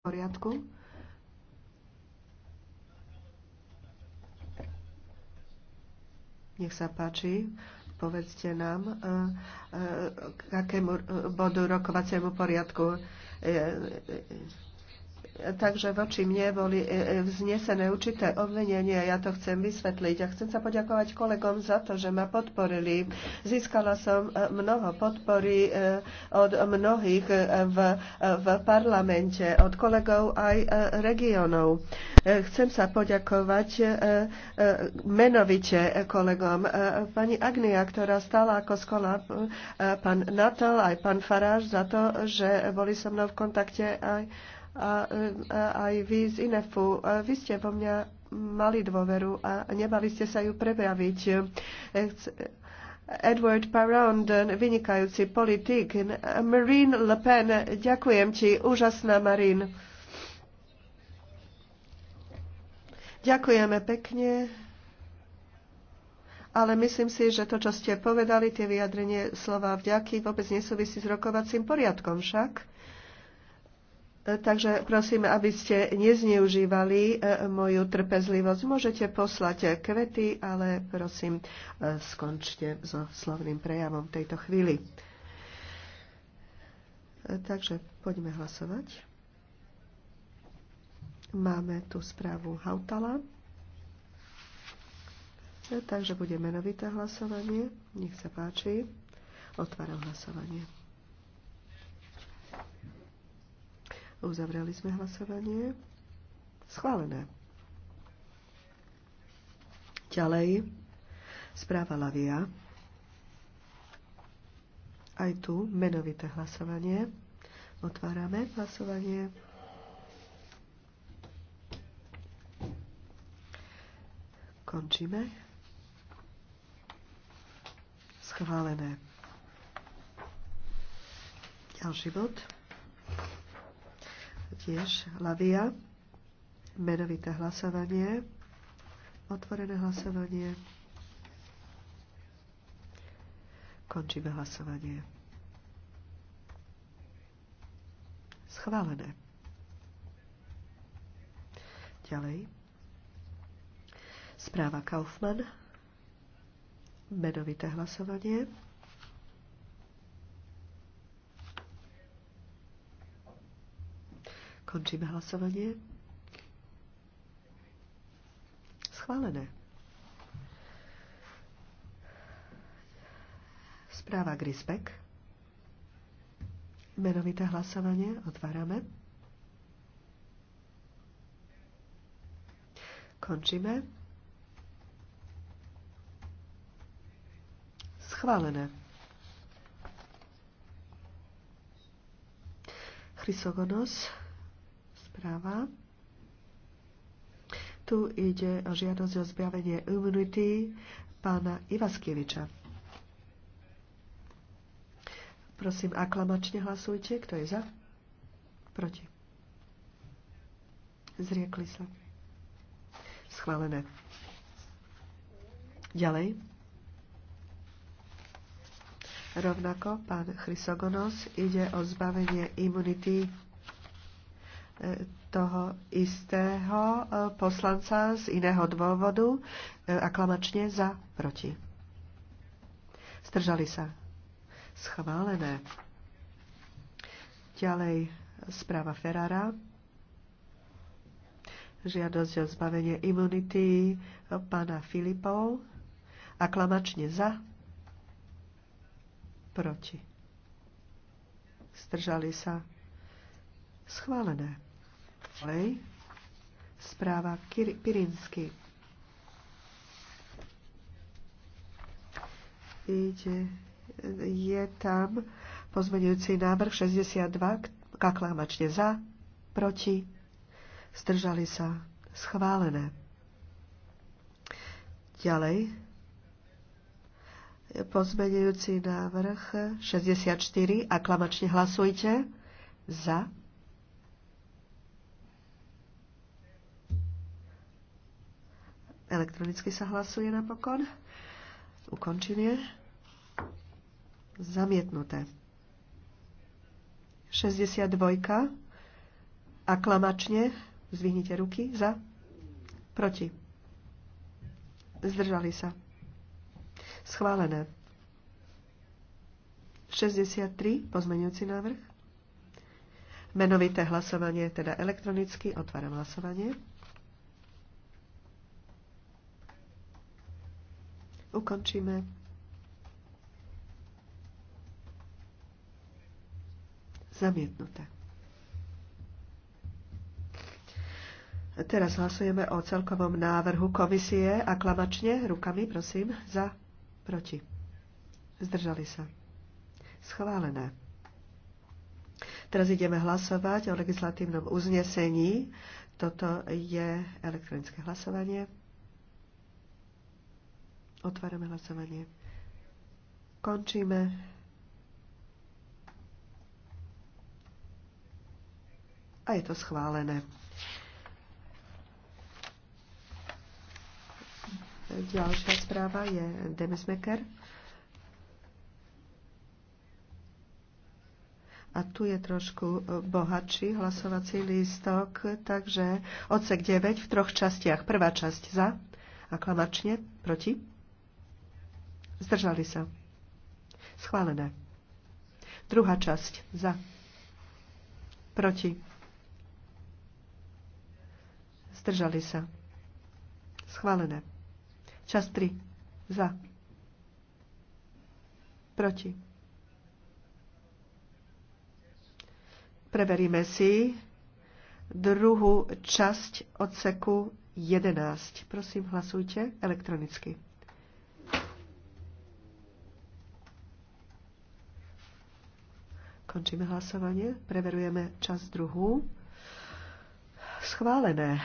poriadku. Nech sa páči, povedzte nám, e, e, k akému bodu rokovaciemu poriadku e, Takže voči mne boli e, e, vznesené určité obvinenia, ja to chcem vysvetliť a chcem sa poďakovať kolegom za to, že ma podporili. Získala som e, mnoho podpory od mnohých v, v parlamente, od kolegov aj regionov. Chcem sa poďakovať menovite kolegom. Pani Agnia, ktorá stala ako skola, pán Natal, aj pán Faráš za to, že boli so mnou v kontakte aj a, a aj vy z INEFu. Vy ste vo mňa mali dôveru a nebali ste sa ju prebraviť. Edward Parond, vynikajúci politik. Marine Le Pen, ďakujem ti, úžasná Marine. Ďakujeme pekne, ale myslím si, že to, čo ste povedali, tie vyjadrenie slova vďaky vôbec nesúvisí s rokovacím poriadkom však. Takže prosím, aby ste nezneužívali e, moju trpezlivosť. Môžete poslať kvety, ale prosím, e, skončte so slovným prejavom v tejto chvíli. E, takže poďme hlasovať. Máme tu správu Hautala. Takže bude menovité hlasovanie. Nech sa páči. Otváram hlasovanie. Uzavreli sme hlasovanie. Schválené. Ďalej. Správa Lavia. Aj tu menovité hlasovanie. Otvárame hlasovanie. Končíme. Schválené. Ďalší bod tiež Lavia. Menovité hlasovanie. Otvorené hlasovanie. Končíme hlasovanie. Schválené. Ďalej. Správa Kaufmann. Menovité hlasovanie. Končíme hlasovanie. Schválené. Správa Grisbeck. Menovité hlasovanie otvárame. Končíme. Schválené. Chrysogonos správa. Tu ide o žiadosť o zbavenie imunity pána Ivaskieviča. Prosím, aklamačne hlasujte. Kto je za? Proti. Zriekli sa. Schválené. Ďalej. Rovnako pán Chrysogonos ide o zbavenie imunity toho istého e, poslanca z iného dôvodu e, aklamačne za proti. Stržali sa. Schválené. Ďalej správa Ferrara. Žiadosť o zbavenie imunity pána Filipov. Aklamačne za. Proti. Stržali sa. Schválené. Ďalej, správa Pirinsky. Ide, je tam pozmenujúci návrh 62, kaklamačne za, proti, zdržali sa, schválené. Ďalej, pozmenujúci návrh 64, aklamačne hlasujte, za, Elektronicky sa hlasuje napokon. Ukončenie. Zamietnuté. 62. Aklamačne. Zvihnite ruky. Za. Proti. Zdržali sa. Schválené. 63. Pozmeňujúci návrh. Menovité hlasovanie, teda elektronicky. Otváram hlasovanie. Ukončíme. Zamietnuté. Teraz hlasujeme o celkovom návrhu komisie. Aklamačne, rukami, prosím, za, proti. Zdržali sa. Schválené. Teraz ideme hlasovať o legislatívnom uznesení. Toto je elektronické hlasovanie. Otvárame hlasovanie. Končíme. A je to schválené. Ďalšia správa je Demesmeker. A tu je trošku bohatší hlasovací lístok, takže odsek 9 v troch častiach. Prvá časť za, aklamačne, proti. Zdržali sa. Schválené. Druhá časť. Za. Proti. Zdržali sa. Schválené. Čas 3. Za. Proti. Preveríme si druhú časť odseku 11. Prosím, hlasujte elektronicky. Končíme hlasovanie. Preverujeme čas druhú. Schválené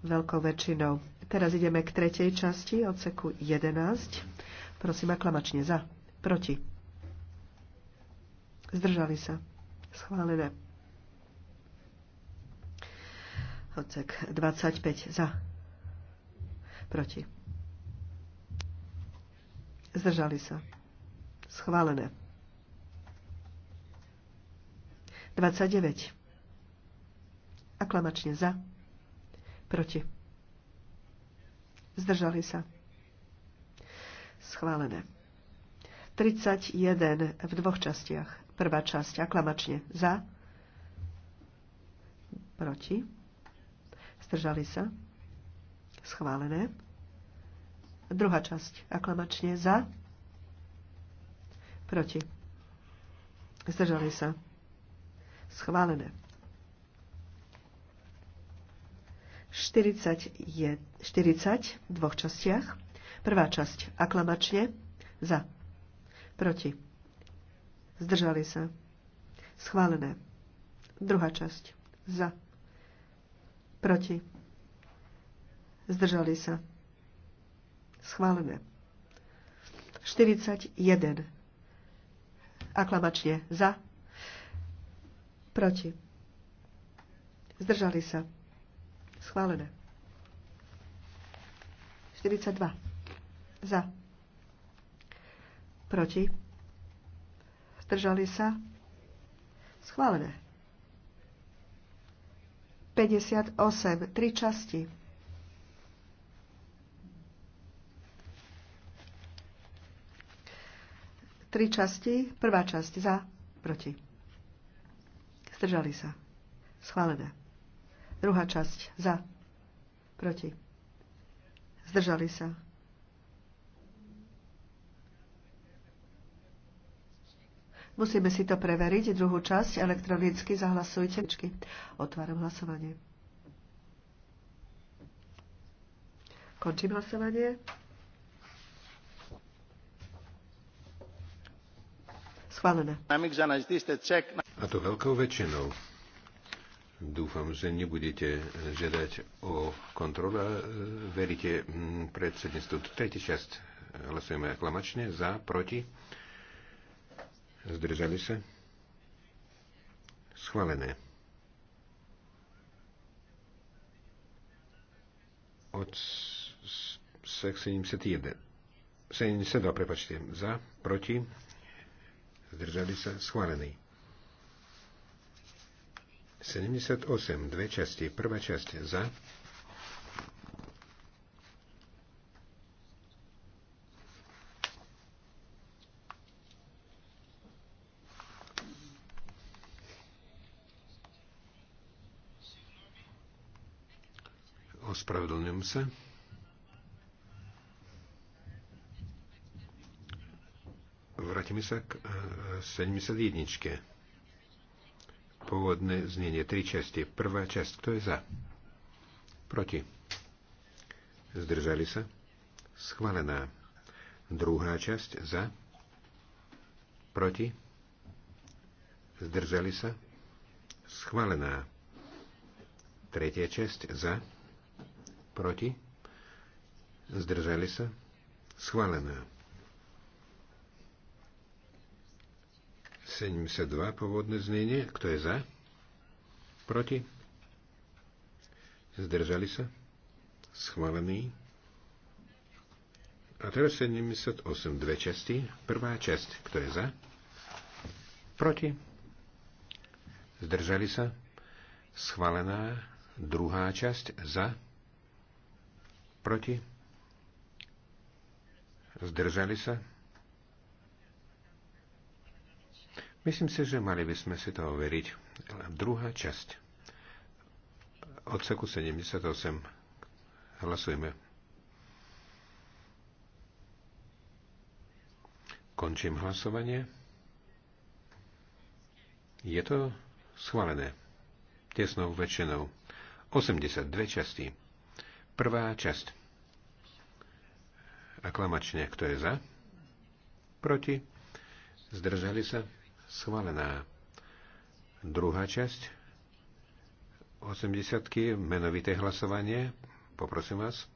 veľkou väčšinou. Teraz ideme k tretej časti, odseku 11. Prosím aklamačne za. Proti. Zdržali sa. Schválené. Odsek 25 za. Proti. Zdržali sa. Schválené. 29. Aklamačne za. Proti. Zdržali sa. Schválené. 31 v dvoch častiach. Prvá časť aklamačne za. Proti. Zdržali sa. Schválené. Druhá časť aklamačne za. Proti. Zdržali sa. Schválené. 40, je, 40 v dvoch častiach. Prvá časť aklamačne za, proti, zdržali sa, schválené. Druhá časť za, proti, zdržali sa, schválené. 41 aklamačne za, Proti. Zdržali sa. Schválené. 42. Za. Proti. Zdržali sa. Schválené. 58. Tri časti. Tri časti. Prvá časť. Za. Proti. Zdržali sa. Schválené. Druhá časť. Za. Proti. Zdržali sa. Musíme si to preveriť. Druhú časť elektronicky zahlasujte. Otváram hlasovanie. Končím hlasovanie. Schválené. A to veľkou väčšinou. Dúfam, že nebudete žiadať o kontrolu a e, veríte predsedníctvu. Tretí časť hlasujeme aklamačne. Za, proti. Zdržali sa. Schválené. Od 71. 72, prepačte. Za, proti. Zdržali sa. Schválený. 78, dve časti. Prvá časť za. Ospravedlňujem sa. Vrátime sa k 71. Eh, pôvodné znenie. Tri časti. Prvá časť. Kto je za? Proti. Zdržali sa? Schválená. Druhá časť. Za? Proti. Zdržali sa? Schválená. Tretia časť. Za? Proti. Zdržali sa? Schválená. 72, pôvodné znenie. Kto je za? Proti? Zdržali sa? Schválený. A teraz 78, dve časti. Prvá časť, kto je za? Proti? Zdržali sa? Schválená. Druhá časť, za? Proti? Zdržali sa? Myslím si, že mali by sme si to overiť. Druhá časť. Odseku 78. Hlasujeme. Končím hlasovanie. Je to schválené. Tesnou väčšinou. 82 časti. Prvá časť. Aklamačne, kto je za? Proti? Zdržali sa? schválená. Druhá časť 80 menovité hlasovanie. Poprosím vás.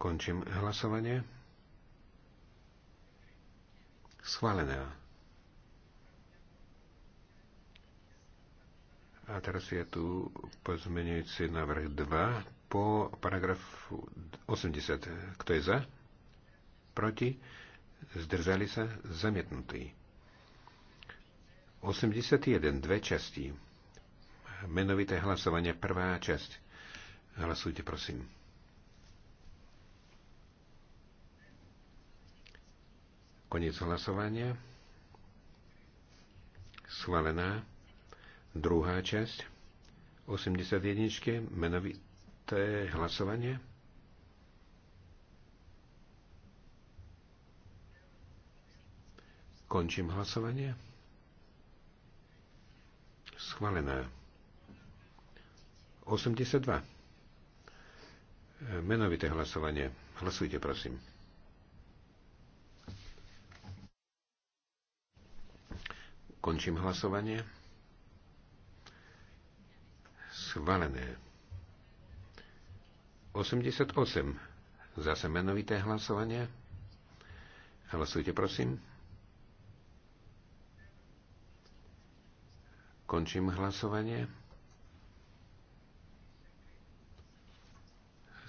Končím hlasovanie. Schválená. A teraz je tu pozmenujúci návrh 2 po paragrafu 80. Kto je za? Proti? Zdržali sa? Zamietnutý. 81. Dve časti. Menovité hlasovanie. Prvá časť. Hlasujte, prosím. Koniec hlasovania. Schválená. Druhá časť. 81. Menovité menovité hlasovanie. Končím hlasovanie. Schválené. 82. Menovité hlasovanie. Hlasujte, prosím. Končím hlasovanie. Schválené. 88. Zase menovité hlasovanie. Hlasujte, prosím. Končím hlasovanie.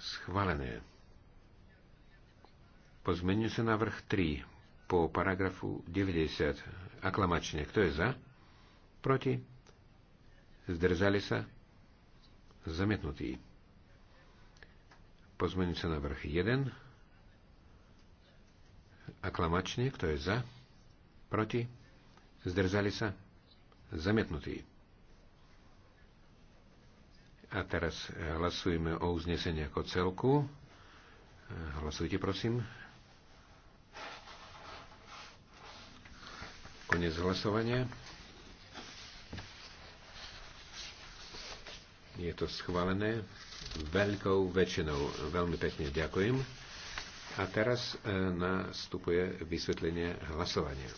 Schválené. Pozmeniu sa návrh 3 po paragrafu 90. Aklamačne. Kto je za? Proti? Zdržali sa? Zamietnutý na vrch 1. Aklamačne, kto je za? Proti? Zdržali sa? Zamietnutí. A teraz eh, hlasujeme o uznesení ako celku. Eh, hlasujte, prosím. Konec hlasovania. Je to schválené veľkou väčšinou. Veľmi pekne ďakujem. A teraz e, nastupuje vysvetlenie hlasovania.